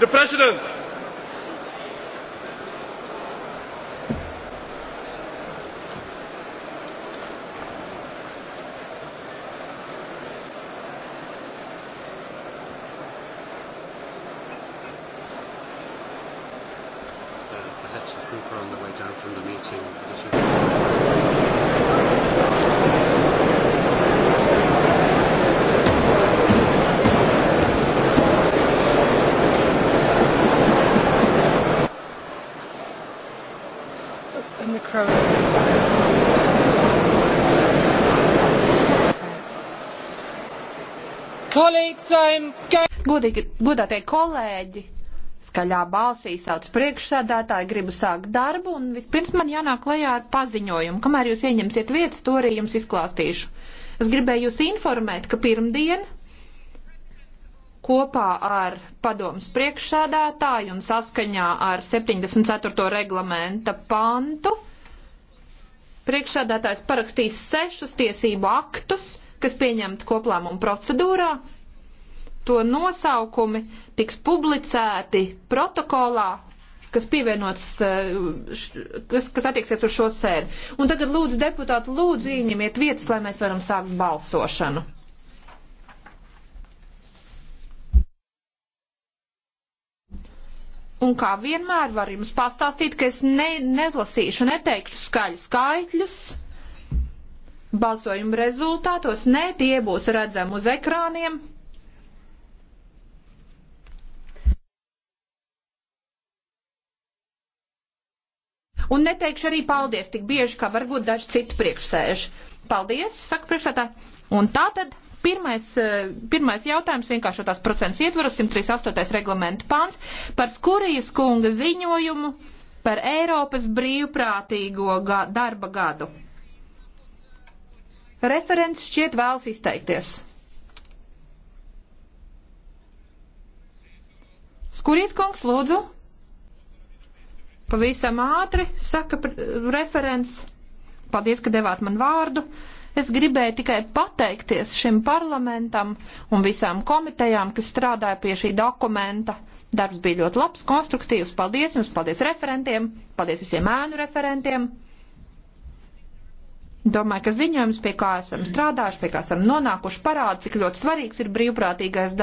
The President. Uh, perhaps the group are on the way down from the meeting. in the crowd. Godīgi, godātie kolēģi, skaļā balsī sauc priekšsēdētāji, gribu sākt darbu, un vispirms man jānāk lejā ar paziņojumu. Kamēr jūs ieņemsiet vietas, to arī jums izklāstīšu. Es gribēju jūs informēt, ka pirmdien kopā ar padomus priekšsēdētāju un saskaņā ar 74. reglamenta pantu. Priekšsēdētājs parakstīs sešus tiesību aktus, kas pieņemti koplēmuma procedūrā. To nosaukumi tiks publicēti protokolā, kas pievienots, eh, kas, kas attieksies uz šo sēdi. Un tagad lūdzu deputāti, lūdzu ieņemiet vietas, lai mēs varam sākt balsošanu. Un kā vienmēr var jums pastāstīt, ka es ne, nelasīšu, neteikšu skaļu skaitļus. Balsojuma rezultātos nē, tie būs redzami uz ekrāniem. Un neteikšu arī paldies tik bieži, kā varbūt daži citi priekšsēži. Paldies, saka priekšsētā. Un tā tad Pirmais, eh, pirmais jautājums vienkārši tās procents ietvaros 138. reglamentu pāns par Skurijas kunga ziņojumu par Eiropas brīvprātīgo ga darba gadu. Referents šķiet vēlas izteikties. Skurijas kungs, lūdzu. Pavisam ātri, saka referents. Paldies, ka devāt man vārdu. Es gribēju tikai pateikties šim parlamentam un visām komitejām, kas strādāja pie šī dokumenta. Darbs bija ļoti labs, konstruktīvs. Paldies jums, paldies referentiem, paldies visiem ēnu referentiem. Domāju, ka ziņojums, pie kā esam strādājuši, pie kā esam nonākuši, parāda, cik ļoti svarīgs ir brīvprātīgais darbs.